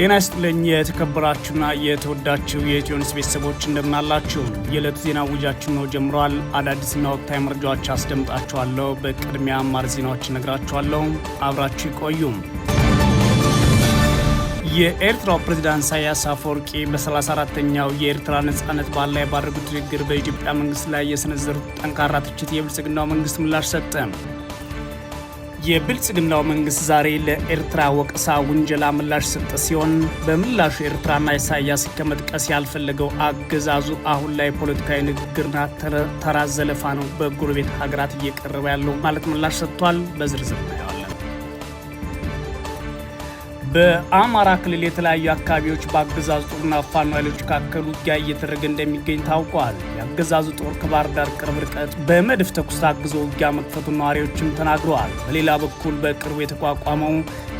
ጤና ይስጥልኝ የተከበራችሁና የተወዳችሁ የኢትዮኒውስ ቤተሰቦች እንደምናላችሁ። የዕለቱ ዜና ውጃችን ነው ጀምሯል። አዳዲስና ወቅታዊ መረጃዎች አስደምጣችኋለሁ። በቅድሚያ አማር ዜናዎች ነግራችኋለሁ አብራችሁ ይቆዩም። የኤርትራው ፕሬዝዳንት ኢሳያስ አፈወርቂ በ34ተኛው የኤርትራ ነጻነት በዓል ላይ ባደረጉት ንግግር በኢትዮጵያ መንግስት ላይ የሰነዘሩት ጠንካራ ትችት የብልጽግናው መንግስት ምላሽ ሰጠ። የብልጽግናው መንግስት ዛሬ ለኤርትራ ወቀሳ ውንጀላ ምላሽ ሰጠ ሲሆን በምላሹ ኤርትራና ኢሳያስ ከመጥቀስ ያልፈለገው አገዛዙ አሁን ላይ ፖለቲካዊ ንግግርና ተራ ዘለፋ ነው በጎረቤት ሀገራት እየቀረበ ያለው ማለት ምላሽ ሰጥቷል። በዝርዝር በአማራ ክልል የተለያዩ አካባቢዎች በአገዛዙ ጦርና ፋኖ ኃይሎች መካከል ውጊያ እየተደረገ እንደሚገኝ ታውቋል። የአገዛዙ ጦር ከባህር ዳር ቅርብ ርቀት በመድፍ ተኩስ ታግዞ ውጊያ መክፈቱ ነዋሪዎችም ተናግረዋል። በሌላ በኩል በቅርቡ የተቋቋመው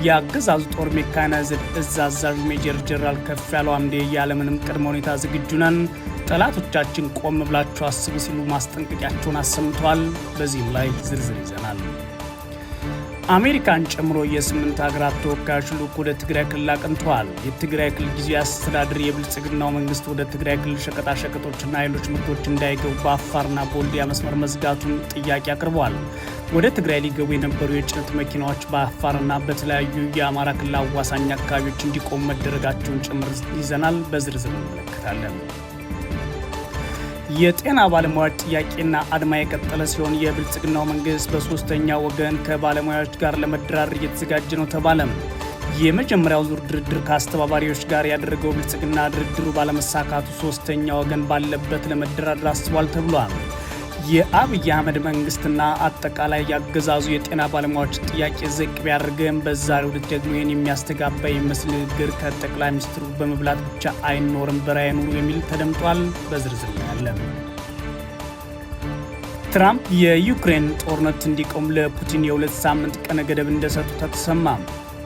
የአገዛዙ ጦር ሜካናይዝድ እዝ አዛዥ ሜጀር ጀነራል ያለው አምዴ ያለምንም ቅድመ ሁኔታ ዝግጁ ነን፣ ጠላቶቻችን ቆም ብላችሁ አስቡ ሲሉ ማስጠንቀቂያቸውን አሰምተዋል። በዚህም ላይ ዝርዝር ይዘናል። አሜሪካን ጨምሮ የስምንት ሀገራት ተወካዮች ልዑክ ወደ ትግራይ ክልል አቅንተዋል። የትግራይ ክልል ጊዜያዊ አስተዳደር የብልጽግናው መንግስት ወደ ትግራይ ክልል ሸቀጣሸቀጦችና ሌሎች ምርቶች እንዳይገቡ በአፋርና በወልዲያ መስመር መዝጋቱን ጥያቄ አቅርቧል። ወደ ትግራይ ሊገቡ የነበሩ የጭነት መኪናዎች በአፋርና በተለያዩ የአማራ ክልል አዋሳኝ አካባቢዎች እንዲቆሙ መደረጋቸውን ጭምር ይዘናል። በዝርዝር እንመለከታለን። የጤና ባለሙያዎች ጥያቄና አድማ የቀጠለ ሲሆን የብልጽግናው መንግስት በሶስተኛ ወገን ከባለሙያዎች ጋር ለመደራደር እየተዘጋጀ ነው ተባለም። የመጀመሪያው ዙር ድርድር ከአስተባባሪዎች ጋር ያደረገው ብልጽግና ድርድሩ ባለመሳካቱ ሶስተኛ ወገን ባለበት ለመደራደር አስቧል ተብሏል። የአብይ አህመድ መንግስትና አጠቃላይ ያገዛዙ የጤና ባለሙያዎች ጥያቄ ዝቅ ቢያደርግም በዛሬው ዕለት ደግሞ ይህን የሚያስተጋባ የሚመስል ንግግር ከጠቅላይ ሚኒስትሩ በመብላት ብቻ አይኖርም በራዕይ ኑሩ የሚል ተደምጧል። በዝርዝር እናያለን። ትራምፕ የዩክሬን ጦርነት እንዲቆም ለፑቲን የሁለት ሳምንት ቀነ ገደብ እንደሰጡ ተሰማ።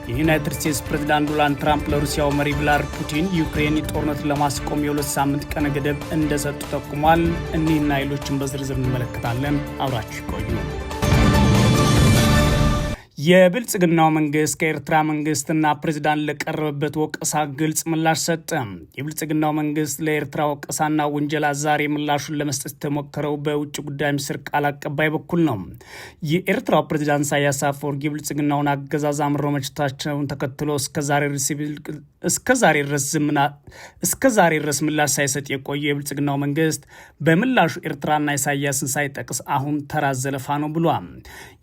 የዩናይትድ ስቴትስ ፕሬዝዳንት ዶናልድ ትራምፕ ለሩሲያው መሪ ቭላድሚር ፑቲን ዩክሬን ጦርነት ለማስቆም የሁለት ሳምንት ቀነ ገደብ እንደሰጡ ጠቁሟል። እኒህና ሌሎችን በዝርዝር እንመለከታለን። አብራችሁ ይቆዩ። የብልጽግናው መንግስት ከኤርትራ መንግስትና ፕሬዚዳንት ለቀረበበት ወቀሳ ግልጽ ምላሽ ሰጠ። የብልጽግናው መንግስት ለኤርትራ ወቀሳና ውንጀላ ዛሬ ምላሹን ለመስጠት የተሞከረው በውጭ ጉዳይ ሚኒስትር ቃል አቀባይ በኩል ነው። የኤርትራው ፕሬዚዳንት ኢሳያስ አፈወርቂ የብልጽግናውን አገዛዝ አምሮ መችታቸውን ተከትሎ እስከዛሬ ድረስ ምላሽ ሳይሰጥ የቆየው የብልጽግናው መንግስት በምላሹ ኤርትራና ኢሳያስን ሳይጠቅስ አሁን ተራ ዘለፋ ነው ብሏል።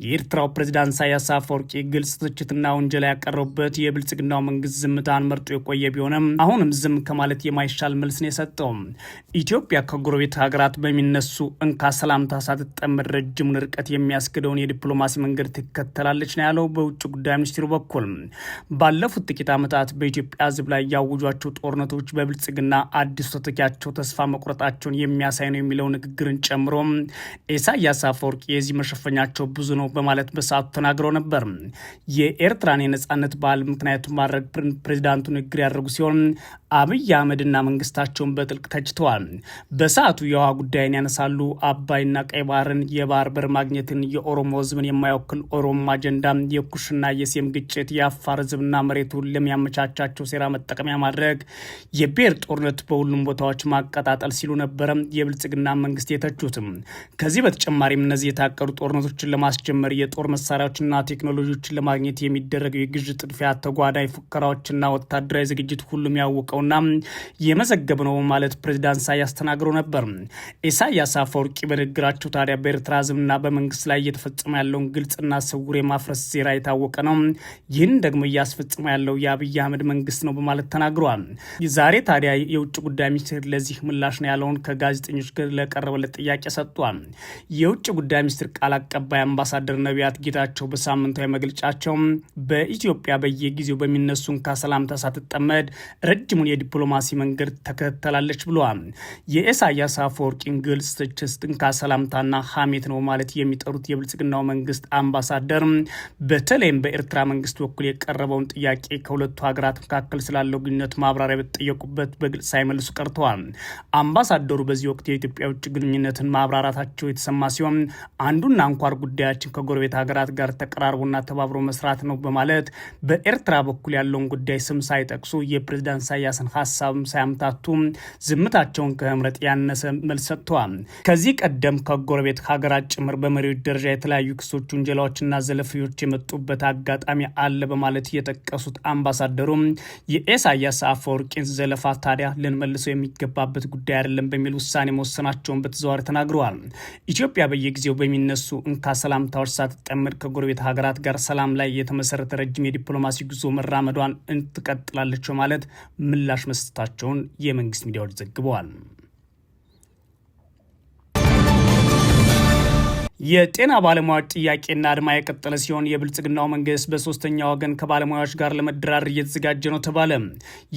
የኤርትራው ፕሬዚዳንት ኢሳያስ አፈወርቂ ግልጽ ትችትና ወንጀላ ያቀረቡበት የብልጽግናው መንግስት ዝምታን መርጦ የቆየ ቢሆንም አሁንም ዝም ከማለት የማይሻል ነው የሰጠው ኢትዮጵያ ከጎረቤት ሀገራት በሚነሱ እንካ ሰላምታ ሳትጠመድ ረጅሙን ርቀት የሚያስክደውን የዲፕሎማሲ መንገድ ትከተላለች ነው ያለው። በውጭ ጉዳይ ሚኒስትሩ በኩል ባለፉት ጥቂት ዓመታት በኢትዮጵያ ህዝብ ላይ ያወጇቸው ጦርነቶች በብልጽግና አዲሱ ተተኪያቸው ተስፋ መቁረጣቸውን የሚያሳይ ነው የሚለው ንግግርን ጨምሮ ኢሳያስ አፈወርቂ የዚህ መሸፈኛቸው ብዙ ነው በማለት በሰዓቱ ተናግረው ነበር። ነበር። የኤርትራን የነጻነት በዓል ምክንያቱ ማድረግ ፕሬዚዳንቱ ንግግር ያደረጉ ሲሆን አብይ አህመድና መንግስታቸውን በጥልቅ ተችተዋል። በሰዓቱ የውሃ ጉዳይን ያነሳሉ። አባይና ቀይ ባህርን፣ የባህር በር ማግኘትን፣ የኦሮሞ ህዝብን የማይወክል ኦሮሞ አጀንዳ፣ የኩሽና የሴም ግጭት፣ የአፋር ህዝብና መሬቱን ለሚያመቻቻቸው ሴራ መጠቀሚያ ማድረግ፣ የብሔር ጦርነት በሁሉም ቦታዎች ማቀጣጠል ሲሉ ነበረ የብልጽግና መንግስት የተቹትም። ከዚህ በተጨማሪም እነዚህ የታቀዱ ጦርነቶችን ለማስጀመር የጦር መሳሪያዎችና ቴክኖሎጂዎችን ለማግኘት የሚደረገው የግዥ ጥድፊያ፣ ተጓዳኝ ፉከራዎችና ወታደራዊ ዝግጅት ሁሉም ያወቀውና የመዘገብ ነው ማለት ፕሬዚዳንት ኢሳያስ ተናግረው ነበር። ኢሳያስ አፈወርቂ በንግግራቸው ታዲያ በኤርትራ ሕዝብና በመንግስት ላይ እየተፈጸመ ያለውን ግልጽና ስውር የማፍረስ ዜራ የታወቀ ነው፣ ይህን ደግሞ እያስፈጸመ ያለው የአብይ አህመድ መንግስት ነው በማለት ተናግረዋል። ዛሬ ታዲያ የውጭ ጉዳይ ሚኒስቴር ለዚህ ምላሽ ነው ያለውን ከጋዜጠኞች ጋር ለቀረበለት ጥያቄ ሰጥቷል። የውጭ ጉዳይ ሚኒስትር ቃል አቀባይ አምባሳደር ነቢያት ጌታቸው በሳምንት ሳምንታዊ መግለጫቸው በኢትዮጵያ በየጊዜው በሚነሱ እንካ ሰላምታ ሳትጠመድ ረጅሙን የዲፕሎማሲ መንገድ ተከተላለች ብለዋል። የኢሳያስ አፈወርቂን ግልጽ ትችትን ከሰላምታና ሀሜት ነው ማለት የሚጠሩት የብልጽግናው መንግስት አምባሳደር በተለይም በኤርትራ መንግስት በኩል የቀረበውን ጥያቄ ከሁለቱ ሀገራት መካከል ስላለው ግንኙነት ማብራሪያ በተጠየቁበት በግልጽ ሳይመልሱ ቀርተዋል። አምባሳደሩ በዚህ ወቅት የኢትዮጵያ ውጭ ግንኙነትን ማብራራታቸው የተሰማ ሲሆን አንዱና አንኳር ጉዳያችን ከጎረቤት ሀገራት ጋር ተቀራርቦ ተቀራርቦና ተባብሮ መስራት ነው በማለት በኤርትራ በኩል ያለውን ጉዳይ ስም ሳይጠቅሱ የፕሬዝዳንት ኢሳያስን ሀሳብም ሳያምታቱ ዝምታቸውን ከህምረት ያነሰ መልስ ሰጥተዋል። ከዚህ ቀደም ከጎረቤት ሀገራት ጭምር በመሪዎች ደረጃ የተለያዩ ክሶች፣ ውንጀላዎችና ዘለፊዎች የመጡበት አጋጣሚ አለ በማለት የጠቀሱት አምባሳደሩም የኢሳያስ አፈወርቂን ዘለፋ ታዲያ ልንመልሰው የሚገባበት ጉዳይ አይደለም በሚል ውሳኔ መወሰናቸውን በተዘዋዋሪ ተናግረዋል። ኢትዮጵያ በየጊዜው በሚነሱ እንካ ሰላምታዎች ሳትጠመድ ከጎረቤት ሀገራት ሀገራት ጋር ሰላም ላይ የተመሰረተ ረጅም የዲፕሎማሲ ጉዞ መራመዷን ትቀጥላለች ማለት ምላሽ መስጠታቸውን የመንግስት ሚዲያዎች ዘግበዋል። የጤና ባለሙያዎች ጥያቄና አድማ የቀጠለ ሲሆን የብልጽግናው መንግስት በሶስተኛ ወገን ከባለሙያዎች ጋር ለመደራደር እየተዘጋጀ ነው ተባለ።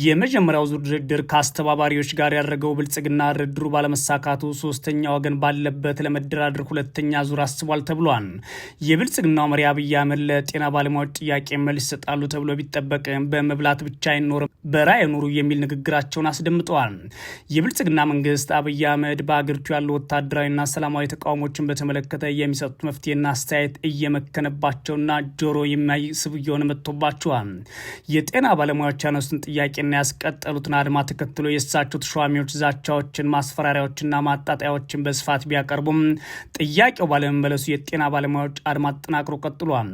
የመጀመሪያው ዙር ድርድር ከአስተባባሪዎች ጋር ያደረገው ብልጽግና ድርድሩ ባለመሳካቱ ሶስተኛ ወገን ባለበት ለመደራደር ሁለተኛ ዙር አስቧል ተብሏል። የብልጽግናው መሪ አብይ አህመድ ለጤና ባለሙያዎች ጥያቄ መልስ ይሰጣሉ ተብሎ ቢጠበቅም በመብላት ብቻ አይኖርም በራይ ኑሩ የሚል ንግግራቸውን አስደምጠዋል። የብልጽግና መንግስት አብይ አህመድ በአገሪቱ ያሉ ወታደራዊና ሰላማዊ ተቃውሞችን በተመለከተ የሚሰጡት መፍትሄና አስተያየት እየመከነባቸውና ጆሮ የሚያስብ እየሆነ መጥቶባቸዋል። የጤና ባለሙያዎች ያነሱትን ጥያቄና ያስቀጠሉትን አድማ ተከትሎ የእሳቸው ተሿሚዎች ዛቻዎችን፣ ማስፈራሪያዎችና ማጣጣያዎችን በስፋት ቢያቀርቡም ጥያቄው ባለመመለሱ የጤና ባለሙያዎች አድማ አጠናቅሮ ቀጥሏል።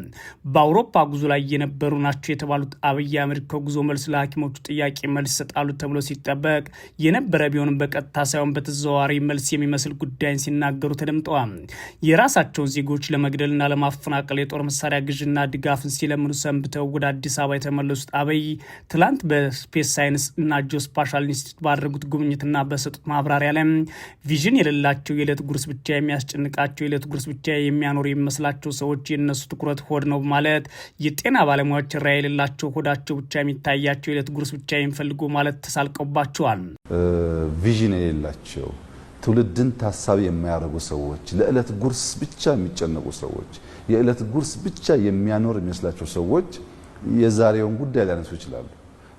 በአውሮፓ ጉዞ ላይ የነበሩ ናቸው የተባሉት አብይ አህመድ ከጉዞ መልስ ለሐኪሞቹ ጥያቄ መልስ ይሰጣሉ ተብሎ ሲጠበቅ የነበረ ቢሆንም በቀጥታ ሳይሆን በተዘዋዋሪ መልስ የሚመስል ጉዳይን ሲናገሩ ተደምጠዋል። የራሳቸውን ዜጎች ለመግደልና ለማፈናቀል የጦር መሳሪያ ግዥና ድጋፍን ሲለምኑ ሰንብተው ወደ አዲስ አበባ የተመለሱት አብይ ትላንት በስፔስ ሳይንስ እና ጂኦስፓሻል ኢንስቲትዩት ባደረጉት ጉብኝትና በሰጡት ማብራሪያ ላይ ቪዥን የሌላቸው የዕለት ጉርስ ብቻ የሚያስጨንቃቸው የዕለት ጉርስ ብቻ የሚያኖሩ የሚመስላቸው ሰዎች የእነሱ ትኩረት ሆድ ነው ማለት የጤና ባለሙያዎች ራ የሌላቸው ሆዳቸው ብቻ የሚታያቸው የዕለት ጉርስ ብቻ የሚፈልጉ ማለት ተሳልቀውባቸዋል። ቪዥን የሌላቸው ትውልድን ታሳቢ የማያደርጉ ሰዎች፣ ለዕለት ጉርስ ብቻ የሚጨነቁ ሰዎች፣ የዕለት ጉርስ ብቻ የሚያኖር የሚመስላቸው ሰዎች የዛሬውን ጉዳይ ሊያነሱ ይችላሉ።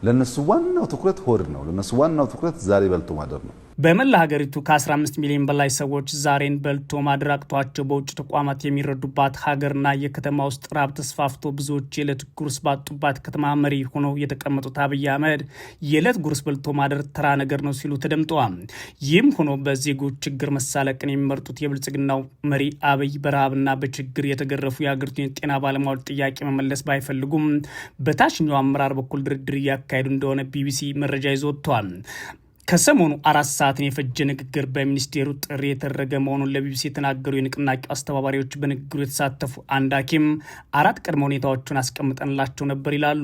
ለእነሱ ዋናው ትኩረት ሆድ ነው። ለእነሱ ዋናው ትኩረት ዛሬ በልቶ ማደር ነው። በመላ ሀገሪቱ ከ15 ሚሊዮን በላይ ሰዎች ዛሬን በልቶ ማድራቅቷቸው በውጭ ተቋማት የሚረዱባት ሀገርና የከተማ ውስጥ ራብ ተስፋፍቶ ብዙዎች የዕለት ጉርስ ባጡባት ከተማ መሪ ሆነው የተቀመጡት አብይ አህመድ የዕለት ጉርስ በልቶ ማደር ተራ ነገር ነው ሲሉ ተደምጠዋል። ይህም ሆኖ በዜጎች ችግር መሳለቅን የሚመርጡት የብልጽግናው መሪ አብይ በረሃብና በችግር የተገረፉ የሀገሪቱን የጤና ባለሙያዎች ጥያቄ መመለስ ባይፈልጉም በታችኛው አመራር በኩል ድርድር እያካሄዱ እንደሆነ ቢቢሲ መረጃ ይዞ ወጥቷል። ከሰሞኑ አራት ሰዓትን የፈጀ ንግግር በሚኒስቴሩ ጥሪ የተደረገ መሆኑን ለቢቢሲ የተናገሩ የንቅናቄው አስተባባሪዎች በንግግሩ የተሳተፉ አንድ ሐኪም አራት ቅድመ ሁኔታዎቹን አስቀምጠንላቸው ነበር ይላሉ።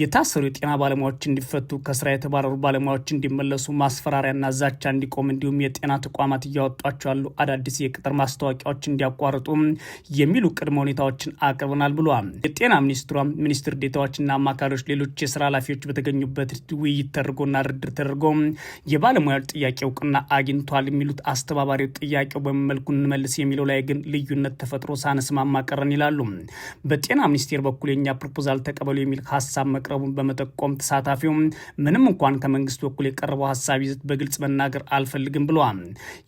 የታሰሩ የጤና ባለሙያዎች እንዲፈቱ፣ ከስራ የተባረሩ ባለሙያዎች እንዲመለሱ፣ ማስፈራሪያና ዛቻ እንዲቆም፣ እንዲሁም የጤና ተቋማት እያወጧቸው ያሉ አዳዲስ የቅጥር ማስታወቂያዎች እንዲያቋርጡ የሚሉ ቅድመ ሁኔታዎችን አቅርበናል ብሏል። የጤና ሚኒስትሯ ሚኒስትር ዴታዎችና አማካሪዎች፣ ሌሎች የስራ ኃላፊዎች በተገኙበት ውይይት ተደርጎና ድርድር ተደርጎ የባለሙያዎች ጥያቄ እውቅና አግኝቷል የሚሉት አስተባባሪው ጥያቄው በመልኩ እንመልስ የሚለው ላይ ግን ልዩነት ተፈጥሮ ሳንስማማ ቀረን ይላሉ። በጤና ሚኒስቴር በኩል የኛ ፕሮፖዛል ተቀበሉ የሚል ሀሳብ መቅረቡን በመጠቆም ተሳታፊው ምንም እንኳን ከመንግስት በኩል የቀረበው ሀሳብ ይዘት በግልጽ መናገር አልፈልግም ብለዋል።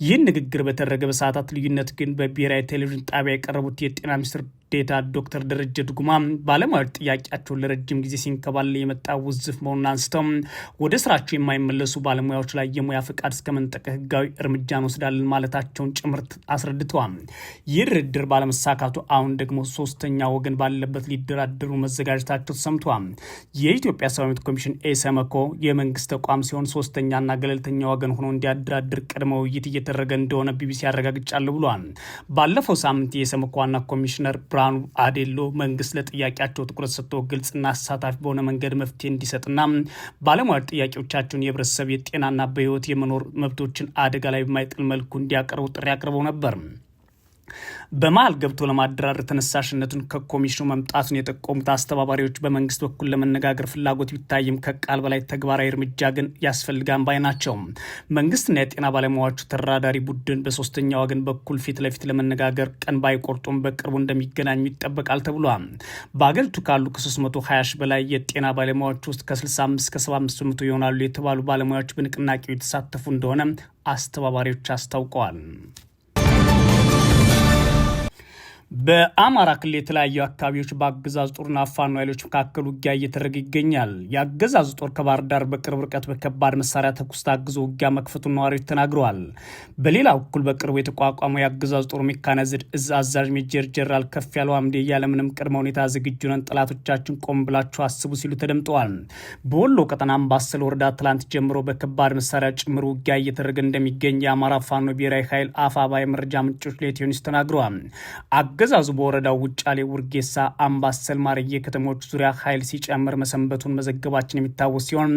ይህን ንግግር በተደረገ በሰዓታት ልዩነት ግን በብሔራዊ ቴሌቪዥን ጣቢያ የቀረቡት የጤና ሚኒስትር ዴታ ዶክተር ደረጀ ድጉማ ባለሙያዎች ጥያቄያቸውን ለረጅም ጊዜ ሲንከባል የመጣ ውዝፍ መሆኑን አንስተው ወደ ስራቸው የማይመለሱ ባለሙያዎች ላይ የሙያ ፍቃድ እስከመንጠቀ ህጋዊ እርምጃ እንወስዳለን ማለታቸውን ጭምርት አስረድተዋል። ይህ ድርድር ባለመሳካቱ አሁን ደግሞ ሶስተኛ ወገን ባለበት ሊደራደሩ መዘጋጀታቸው ተሰምተዋል። የኢትዮጵያ ሰብዓዊ መብት ኮሚሽን ኤሰመኮ የመንግስት ተቋም ሲሆን ሶስተኛና ገለልተኛ ወገን ሆኖ እንዲያደራድር ቅድመ ውይይት እየተደረገ እንደሆነ ቢቢሲ ያረጋግጫሉ ብሏል። ባለፈው ሳምንት የኤሰመኮ ዋና ኮሚሽነር ብራ ብርሃኑ አዴሎ መንግስት ለጥያቄያቸው ትኩረት ሰጥቶ ግልጽና አሳታፊ በሆነ መንገድ መፍትሄ እንዲሰጥና ባለሙያዎች ጥያቄዎቻቸውን የህብረተሰብ የጤናና በህይወት የመኖር መብቶችን አደጋ ላይ በማይጥል መልኩ እንዲያቀርቡ ጥሪ አቅርበው ነበር። በመሀል ገብቶ ለማደራደር ተነሳሽነቱን ከኮሚሽኑ መምጣቱን የጠቆሙት አስተባባሪዎች በመንግስት በኩል ለመነጋገር ፍላጎት ቢታይም ከቃል በላይ ተግባራዊ እርምጃ ግን ያስፈልጋን ባይ ናቸው። መንግስትና የጤና ባለሙያዎቹ ተራዳሪ ቡድን በሶስተኛ ወገን በኩል ፊት ለፊት ለመነጋገር ቀን ባይቆርጡም በቅርቡ እንደሚገናኙ ይጠበቃል ተብሏል። በአገሪቱ ካሉ ከ320 ሺህ በላይ የጤና ባለሙያዎች ውስጥ ከ65 እስከ 75 በመቶ ይሆናሉ የተባሉ ባለሙያዎች በንቅናቄው የተሳተፉ እንደሆነ አስተባባሪዎች አስታውቀዋል። በአማራ ክልል የተለያዩ አካባቢዎች በአገዛዝ ጦርና ፋኖ ኃይሎች መካከል ውጊያ እየተደረገ ይገኛል። የአገዛዝ ጦር ከባህር ዳር በቅርብ ርቀት በከባድ መሳሪያ ተኩስ ታግዞ ውጊያ መክፈቱን ነዋሪዎች ተናግረዋል። በሌላ በኩል በቅርቡ የተቋቋመው የአገዛዝ ጦር ሜካናይዝድ እዝ አዛዥ ሜጀር ጀነራል ከፍ ያለው አምዴ ያለምንም ቅድመ ሁኔታ ዝግጁ ነን፣ ጠላቶቻችን ቆም ብላችሁ አስቡ ሲሉ ተደምጠዋል። በወሎ ቀጠና አምባሰል ወረዳ ትላንት ጀምሮ በከባድ መሳሪያ ጭምር ውጊያ እየተደረገ እንደሚገኝ የአማራ ፋኖ ብሔራዊ ኃይል አፋባ የመረጃ ምንጮች ለኢትዮኒስ ተናግረዋል። አገዛዙ በወረዳው ውጫሌ፣ ውርጌሳ፣ አምባሰል፣ ማርዬ ከተሞች ዙሪያ ኃይል ሲጨምር መሰንበቱን መዘገባችን የሚታወስ ሲሆን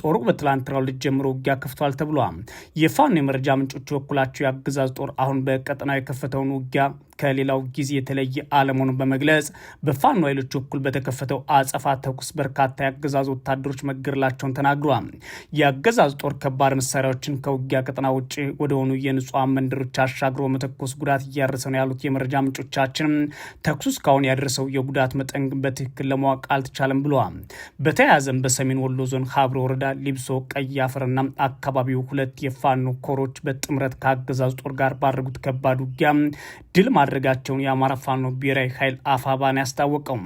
ጦሩ በትላንትናው ልጅ ጀምሮ ውጊያ ከፍቷል ተብሏል። የፋኖ የመረጃ ምንጮች በኩላቸው የአገዛዙ ጦር አሁን በቀጠናው የከፈተውን ውጊያ ከሌላው ጊዜ የተለየ አለመሆኑን በመግለጽ በፋኖ ኃይሎች በኩል በተከፈተው አጸፋ ተኩስ በርካታ የአገዛዙ ወታደሮች መገደላቸውን ተናግረዋል። የአገዛዙ ጦር ከባድ መሳሪያዎችን ከውጊያ ቀጠና ውጭ ወደሆኑ የንጹሐን መንደሮች አሻግሮ መተኮስ ጉዳት እያደረሰ ነው ያሉት የመረጃ ምንጮቻችን ተኩሱ እስካሁን ያደረሰው የጉዳት መጠን በትክክል ለማወቅ አልተቻለም ብለዋል። በተያያዘም በሰሜን ወሎ ዞን ሀብሮ ወረዳ ሊብሶ ቀይ አፈርና አካባቢው ሁለት የፋኖ ኮሮች በጥምረት ከአገዛዙ ጦር ጋር ባደረጉት ከባድ ውጊያ ድል ማድረጋቸውን የአማራ ፋኖ ብሔራዊ ኃይል አፋባን ያስታወቀው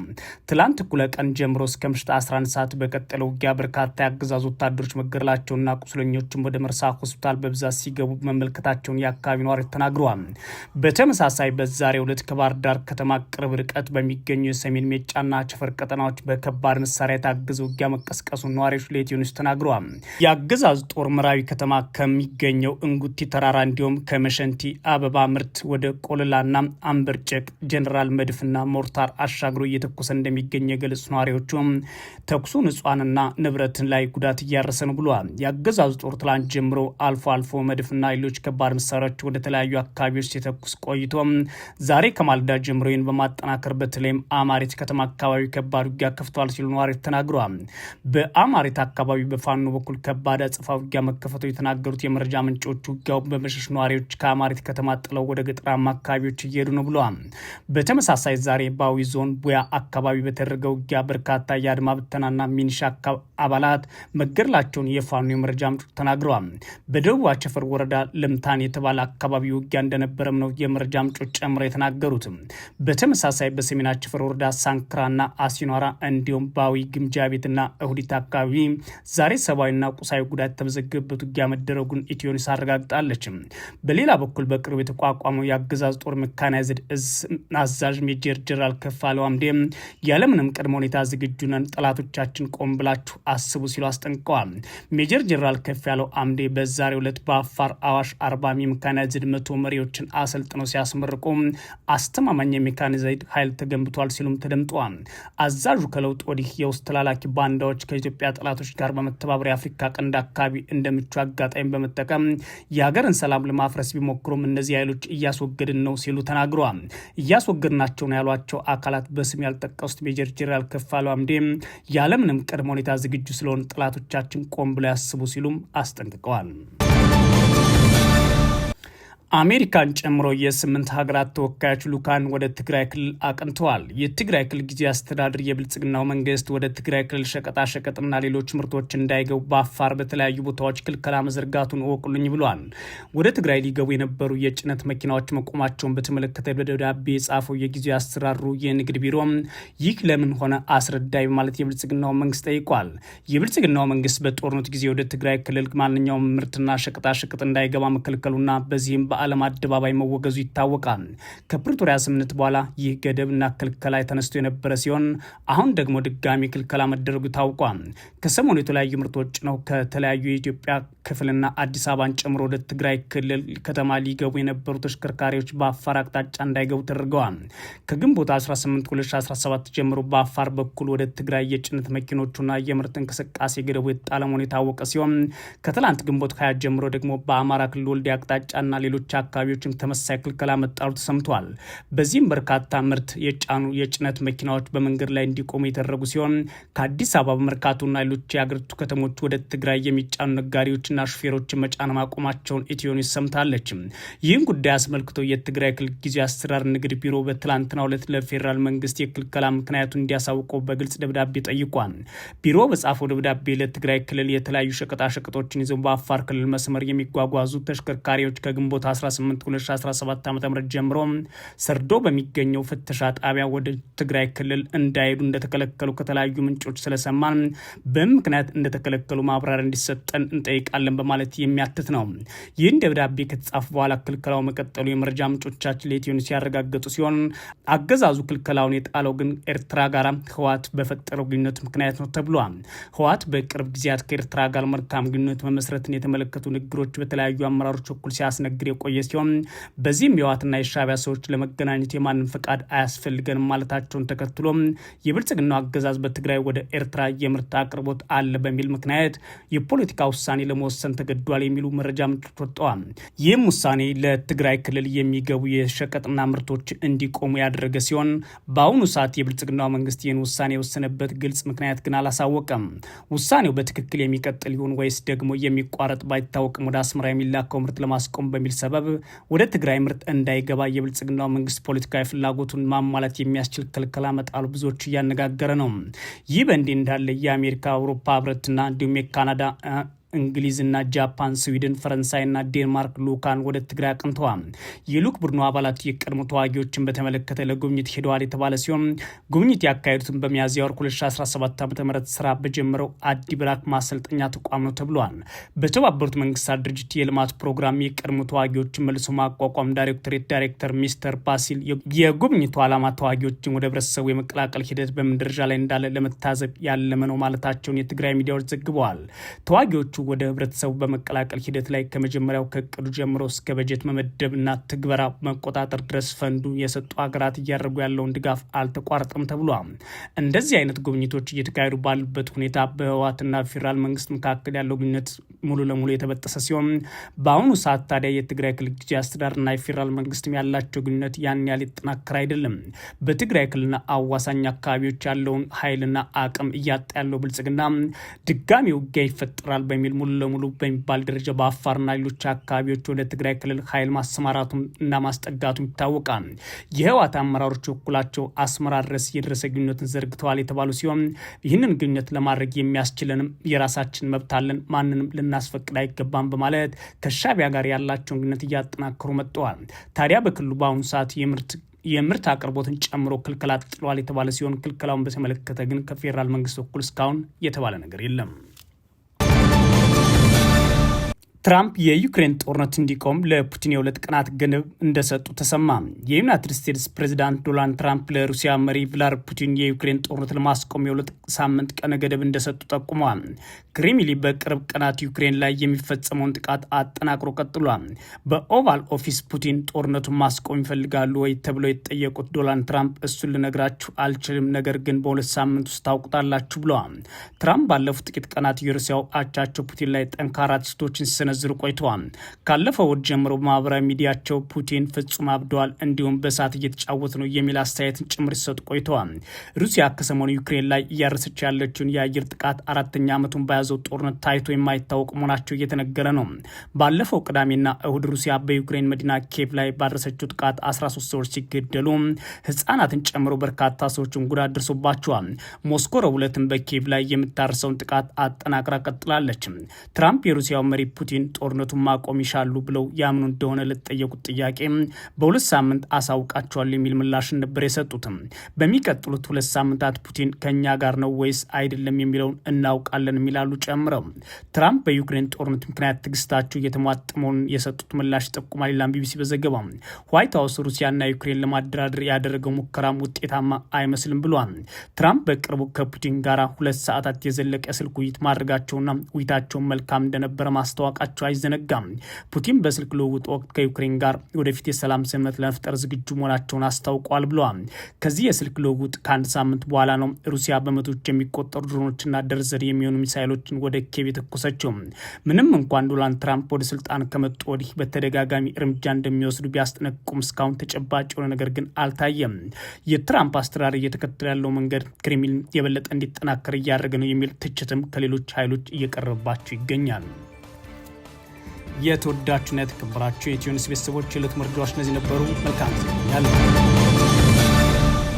ትላንት እኩለ ቀን ጀምሮ እስከ ምሽት 11 ሰዓት በቀጠለ ውጊያ በርካታ የአገዛዙ ወታደሮች መገደላቸውና ቁስለኞችም ወደ መርሳ ሆስፒታል በብዛት ሲገቡ መመልከታቸውን የአካባቢ ነዋሪ ተናግረዋል። በተመሳሳይ በዛሬው ዕለት ከባህር ዳር ከተማ ቅርብ ርቀት በሚገኙ የሰሜን ሜጫና ቸፈር ቀጠናዎች በከባድ መሳሪያ የታገዘ ውጊያ መቀስቀሱን ነዋሪዎች ለኢትዮ ኒውስ ተናግረዋል። የአገዛዝ ጦር መራዊ ከተማ ከሚገኘው እንጉቲ ተራራ እንዲሁም ከመሸንቲ አበባ ምርት ወደ ቆለላ ሜዳና አንበርጨቅ ጀኔራል መድፍና ሞርታር አሻግሮ እየተኮሰ እንደሚገኝ የገለጹ ነዋሪዎቹ ተኩሱ ንጹሐንና ንብረትን ላይ ጉዳት እያረሰ ነው ብለዋል። የአገዛዙ ጦር ትላንት ጀምሮ አልፎ አልፎ መድፍና ሌሎች ከባድ መሳሪያዎች ወደ ተለያዩ አካባቢዎች ሲተኩስ ቆይቶ ዛሬ ከማልዳ ጀምሮ ይህን በማጠናከር በተለይም አማሬት ከተማ አካባቢ ከባድ ውጊያ ከፍተዋል ሲሉ ነዋሪዎች ተናግረዋል። በአማሬት አካባቢ በፋኖ በኩል ከባድ አጽፋ ውጊያ መከፈቱ የተናገሩት የመረጃ ምንጮች ውጊያው በመሸሽ ነዋሪዎች ከአማሬት ከተማ ጥለው ወደ ገጠራማ አካባቢዎች ተዋጊዎች እየሄዱ ነው ብለዋል። በተመሳሳይ ዛሬ በአዊ ዞን ቡያ አካባቢ በተደረገ ውጊያ በርካታ የአድማ ብተናና ሚኒሻ አባላት መገደላቸውን የፋኑ የመረጃ ምንጮች ተናግረዋል። በደቡብ አቸፈር ወረዳ ለምታን የተባለ አካባቢ ውጊያ እንደነበረም ነው የመረጃ ምንጮች ጨምረው የተናገሩት። በተመሳሳይ በሰሜን አቸፈር ወረዳ ሳንክራና አሲኗራ እንዲሁም በአዊ ግምጃ ቤትና እሁዲት አካባቢ ዛሬ ሰብአዊና ቁሳዊ ጉዳት የተመዘገበበት ውጊያ መደረጉን ኢትዮኒስ አረጋግጣለች። በሌላ በኩል በቅርብ የተቋቋመው የአገዛዝ ጦር የጦር መካናይዝድ እዝ አዛዥ ሜጀር ጀነራል ከፋለው አምዴ ያለምንም ቅድመ ሁኔታ ዝግጁ ነን፣ ጠላቶቻችን ቆም ብላችሁ አስቡ ሲሉ አስጠንቅቀዋል። ሜጀር ጀነራል ያለው አምዴ በዛሬው ዕለት በአፋር አዋሽ አርባሚ ሜካናይዝድ መቶ መሪዎችን አሰልጥነው ሲያስመርቁ አስተማማኝ የሜካናይዝድ ኃይል ተገንብቷል ሲሉም ተደምጠዋል። አዛዡ ከለውጥ ወዲህ የውስጥ ተላላኪ ባንዳዎች ከኢትዮጵያ ጠላቶች ጋር በመተባበር የአፍሪካ ቀንድ አካባቢ እንደምቹ አጋጣሚ በመጠቀም የሀገርን ሰላም ለማፍረስ ቢሞክሩም እነዚህ ኃይሎች እያስወገድን ነው ሲሉ ተናግረዋል። እያስወገድናቸው ነው ያሏቸው አካላት በስም ያልጠቀሱት ሜጀር ጄኔራል ከፋሉ አምዴም ያለምንም ቅድመ ሁኔታ ዝግጁ ስለሆኑ ጠላቶቻችን ቆም ብለው ያስቡ ሲሉም አስጠንቅቀዋል። አሜሪካን ጨምሮ የስምንት ሀገራት ተወካዮች ልኡካን ወደ ትግራይ ክልል አቅንተዋል። የትግራይ ክልል ጊዜ አስተዳደር የብልጽግናው መንግስት ወደ ትግራይ ክልል ሸቀጣሸቀጥና ሌሎች ምርቶች እንዳይገቡ በአፋር በተለያዩ ቦታዎች ክልከላ መዘርጋቱን እወቁልኝ ብሏል። ወደ ትግራይ ሊገቡ የነበሩ የጭነት መኪናዎች መቆማቸውን በተመለከተ በደብዳቤ የጻፈው የጊዜ አስተዳደሩ የንግድ ቢሮም ይህ ለምን ሆነ አስረዳይ በማለት የብልጽግናው መንግስት ጠይቋል። የብልጽግናው መንግስት በጦርነት ጊዜ ወደ ትግራይ ክልል ማንኛውም ምርትና ሸቀጣሸቀጥ እንዳይገባ መከልከሉና በዚህም በዓለም አደባባይ መወገዙ ይታወቃል። ከፕሪቶሪያ ስምምነት በኋላ ይህ ገደብና ክልከላ ተነስቶ የነበረ ሲሆን አሁን ደግሞ ድጋሚ ክልከላ መደረጉ ታውቋል። ከሰሞኑ የተለያዩ ምርቶች ነው ከተለያዩ የኢትዮጵያ ክፍልና አዲስ አበባን ጨምሮ ወደ ትግራይ ክልል ከተማ ሊገቡ የነበሩ ተሽከርካሪዎች በአፋር አቅጣጫ እንዳይገቡ ተደርገዋል። ከግንቦት 18 2017 ጀምሮ በአፋር በኩል ወደ ትግራይ የጭነት መኪኖቹና የምርት እንቅስቃሴ ገደቡ የተጣለ መሆኑ የታወቀ ሲሆን ከትላንት ግንቦት 20 ጀምሮ ደግሞ በአማራ ክልል ወልዲያ አቅጣጫና ሌሎች አካባቢዎችም ተመሳሳይ ክልከላ መጣሉ ተሰምቷል። በዚህም በርካታ ምርት የጫኑ የጭነት መኪናዎች በመንገድ ላይ እንዲቆሙ የተደረጉ ሲሆን ከአዲስ አበባ መርካቶና ሌሎች የአገሪቱ ከተሞች ወደ ትግራይ የሚጫኑ ነጋዴዎችና ሹፌሮች መጫን ማቆማቸውን ኢትዮኒውስ ሰምታለች። ይህን ጉዳይ አስመልክቶ የትግራይ ክልል ጊዜ አስተዳደር ንግድ ቢሮ በትላንትና ሁለት ለፌዴራል መንግስት የክልከላ ምክንያቱን እንዲያሳውቀው በግልጽ ደብዳቤ ጠይቋል። ቢሮ በጻፈው ደብዳቤ ለትግራይ ክልል የተለያዩ ሸቀጣሸቀጦችን ይዘው በአፋር ክልል መስመር የሚጓጓዙ ተሽከርካሪዎች ከግንቦት 18 2017 ዓ ም ጀምሮ ሰርዶ በሚገኘው ፍተሻ ጣቢያ ወደ ትግራይ ክልል እንዳይሄዱ እንደተከለከሉ ከተለያዩ ምንጮች ስለሰማን በምክንያት እንደተከለከሉ ማብራሪያ እንዲሰጠን እንጠይቃለን በማለት የሚያትት ነው። ይህን ደብዳቤ ከተጻፉ በኋላ ክልከላው መቀጠሉ የመረጃ ምንጮቻችን ለኢትዮን ሲያረጋገጡ ሲሆን አገዛዙ ክልከላውን የጣለው ግን ኤርትራ ጋር ህወሓት በፈጠረው ግንኙነት ምክንያት ነው ተብሏል። ህወሓት በቅርብ ጊዜያት ከኤርትራ ጋር መልካም ግንኙነት መመስረትን የተመለከቱ ንግግሮች በተለያዩ አመራሮች በኩል ሲያስነግር የቆየ የቆየ ሲሆን በዚህም የህወሓትና የሻዕቢያ ሰዎች ለመገናኘት የማንም ፈቃድ አያስፈልገንም ማለታቸውን ተከትሎ የብልጽግናው አገዛዝ በትግራይ ወደ ኤርትራ የምርት አቅርቦት አለ በሚል ምክንያት የፖለቲካ ውሳኔ ለመወሰን ተገዷል የሚሉ መረጃ ምንጮች ወጥተዋል። ይህም ውሳኔ ለትግራይ ክልል የሚገቡ የሸቀጥና ምርቶች እንዲቆሙ ያደረገ ሲሆን በአሁኑ ሰዓት የብልጽግናው መንግስት ይህን ውሳኔ የወሰነበት ግልጽ ምክንያት ግን አላሳወቀም። ውሳኔው በትክክል የሚቀጥል ይሁን ወይስ ደግሞ የሚቋረጥ ባይታወቅም ወደ አስመራ የሚላከው ምርት ለማስቆም በሚል ሰበብ ሀሳብ ወደ ትግራይ ምርት እንዳይገባ የብልጽግናው መንግስት ፖለቲካዊ ፍላጎቱን ማሟላት የሚያስችል ክልከላ መጣሉ ብዙዎች እያነጋገረ ነው። ይህ በእንዲህ እንዳለ የአሜሪካ አውሮፓ ህብረትና እንዲሁም የካናዳ እንግሊዝና ጃፓን፣ ስዊድን፣ ፈረንሳይና ዴንማርክ ሉካን ወደ ትግራይ አቅንተዋል። የሉክ ቡድኑ አባላት የቀድሞ ተዋጊዎችን በተመለከተ ለጉብኝት ሄደዋል የተባለ ሲሆን ጉብኝት ያካሄዱትን በሚያዝያ ወር 2017 ዓ.ም ስራ በጀመረው አዲ ብራክ ማሰልጠኛ ተቋም ነው ተብሏል። በተባበሩት መንግስታት ድርጅት የልማት ፕሮግራም የቀድሞ ተዋጊዎችን መልሶ ማቋቋም ዳይሬክቶሬት ዳይሬክተር ሚስተር ባሲል የጉብኝቱ ዓላማ ተዋጊዎችን ወደ ህብረተሰቡ የመቀላቀል ሂደት በምን ደረጃ ላይ እንዳለ ለመታዘብ ያለመ ነው ማለታቸውን የትግራይ ሚዲያዎች ዘግበዋል። ተዋጊዎቹ ወደ ህብረተሰቡ በመቀላቀል ሂደት ላይ ከመጀመሪያው ከእቅዱ ጀምሮ እስከ በጀት መመደብና ትግበራ መቆጣጠር ድረስ ፈንዱ የሰጡ ሀገራት እያደረጉ ያለውን ድጋፍ አልተቋረጠም ተብሏል። እንደዚህ አይነት ጉብኝቶች እየተካሄዱ ባሉበት ሁኔታ በህወሓትና ፌዴራል መንግስት መካከል ያለው ግንኙነት ሙሉ ለሙሉ የተበጠሰ ሲሆን በአሁኑ ሰዓት ታዲያ የትግራይ ክልል ጊዜያዊ አስተዳደርና የፌዴራል መንግስትም ያላቸው ግንኙነት ያን ያህል የተጠናከረ አይደለም። በትግራይ ክልልና አዋሳኝ አካባቢዎች ያለውን ኃይልና አቅም እያጣ ያለው ብልጽግና ድጋሚ ውጊያ ይፈጠራል በሚል ኃይል ሙሉ ለሙሉ በሚባል ደረጃ በአፋርና ሌሎች አካባቢዎች ወደ ትግራይ ክልል ኃይል ማሰማራቱም እና ማስጠጋቱም ይታወቃል። የህወሓት አመራሮች በኩላቸው አስመራ ድረስ የደረሰ ግንኙነትን ዘርግተዋል የተባሉ ሲሆን ይህንን ግንኙነት ለማድረግ የሚያስችለንም የራሳችን መብት አለን፣ ማንንም ልናስፈቅድ አይገባም በማለት ከሻቢያ ጋር ያላቸውን ግንኙነት እያጠናከሩ መጥተዋል። ታዲያ በክልሉ በአሁኑ ሰዓት የምርት የምርት አቅርቦትን ጨምሮ ክልከላ ጥሏል የተባለ ሲሆን ክልከላውን በተመለከተ ግን ከፌዴራል መንግስት በኩል እስካሁን የተባለ ነገር የለም። ትራምፕ የዩክሬን ጦርነት እንዲቆም ለፑቲን የሁለት ቀናት ገደብ እንደሰጡ ተሰማ። የዩናይትድ ስቴትስ ፕሬዚዳንት ዶናልድ ትራምፕ ለሩሲያ መሪ ቭላድሚር ፑቲን የዩክሬን ጦርነት ለማስቆም የሁለት ሳምንት ቀነ ገደብ እንደሰጡ ጠቁሟል። ክሬምሊን በቅርብ ቀናት ዩክሬን ላይ የሚፈጸመውን ጥቃት አጠናቅሮ ቀጥሏል። በኦቫል ኦፊስ ፑቲን ጦርነቱን ማስቆም ይፈልጋሉ ወይ ተብለው የተጠየቁት ዶናልድ ትራምፕ እሱን ልነግራችሁ አልችልም፣ ነገር ግን በሁለት ሳምንት ውስጥ ታውቁታላችሁ ብለዋል። ትራምፕ ባለፉት ጥቂት ቀናት የሩሲያው አቻቸው ፑቲን ላይ ጠንካራ ትችቶችን ስነ ሲሰነዝሩ ቆይተዋል። ካለፈው እሁድ ጀምሮ በማህበራዊ ሚዲያቸው ፑቲን ፍጹም አብደዋል፣ እንዲሁም በእሳት እየተጫወቱ ነው የሚል አስተያየትን ጭምር ሲሰጡ ቆይተዋል። ሩሲያ ከሰሞኑ ዩክሬን ላይ እያረሰች ያለችውን የአየር ጥቃት አራተኛ ዓመቱን በያዘው ጦርነት ታይቶ የማይታወቅ መሆናቸው እየተነገረ ነው። ባለፈው ቅዳሜና እሁድ ሩሲያ በዩክሬን መዲና ኬቭ ላይ ባደረሰችው ጥቃት 13 ሰዎች ሲገደሉ ህጻናትን ጨምሮ በርካታ ሰዎችን ጉዳት ደርሶባቸዋል። ሞስኮ ረቡዕ ዕለትም በኬቭ ላይ የምታደርሰውን ጥቃት አጠናቅራ ቀጥላለች። ትራምፕ የሩሲያው መሪ ፑቲን ግን ጦርነቱን ማቆም ይሻሉ ብለው ያምኑ እንደሆነ ለተጠየቁት ጥያቄ በሁለት ሳምንት አሳውቃቸዋል የሚል ምላሽ ነበር የሰጡትም። በሚቀጥሉት ሁለት ሳምንታት ፑቲን ከእኛ ጋር ነው ወይስ አይደለም የሚለውን እናውቃለን የሚላሉ ጨምረው ትራምፕ በዩክሬን ጦርነት ምክንያት ትግስታቸው እየተሟጥመውን የሰጡት ምላሽ ጠቁማል ሌላም ቢቢሲ በዘገባ ዋይት ሀውስ ሩሲያና ዩክሬን ለማደራደር ያደረገው ሙከራም ውጤታማ አይመስልም ብሏል። ትራምፕ በቅርቡ ከፑቲን ጋር ሁለት ሰዓታት የዘለቀ ስልክ ውይይት ማድረጋቸውና ውይይታቸውን መልካም እንደነበረ ማስታወቃቸው መግለጻቸው አይዘነጋም። ፑቲን በስልክ ልውውጥ ወቅት ከዩክሬን ጋር ወደፊት የሰላም ስምምነት ለመፍጠር ዝግጁ መሆናቸውን አስታውቋል ብለዋል። ከዚህ የስልክ ልውውጥ ከአንድ ሳምንት በኋላ ነው ሩሲያ በመቶዎች የሚቆጠሩ ድሮኖችና ደርዘር የሚሆኑ ሚሳይሎችን ወደ ኬብ የተኮሰችው። ምንም እንኳን ዶናልድ ትራምፕ ወደ ስልጣን ከመጡ ወዲህ በተደጋጋሚ እርምጃ እንደሚወስዱ ቢያስጠነቅቁም እስካሁን ተጨባጭ የሆነ ነገር ግን አልታየም። የትራምፕ አስተዳደር እየተከተለ ያለው መንገድ ክሬምሊን የበለጠ እንዲጠናከር እያደረገ ነው የሚል ትችትም ከሌሎች ኃይሎች እየቀረበባቸው ይገኛል። የተወዳችሁና የተከበራችሁ የኢትዮ ኒውስ ቤተሰቦች የዕለት መረጃዎች እነዚህ ነበሩ። መልካም ዜና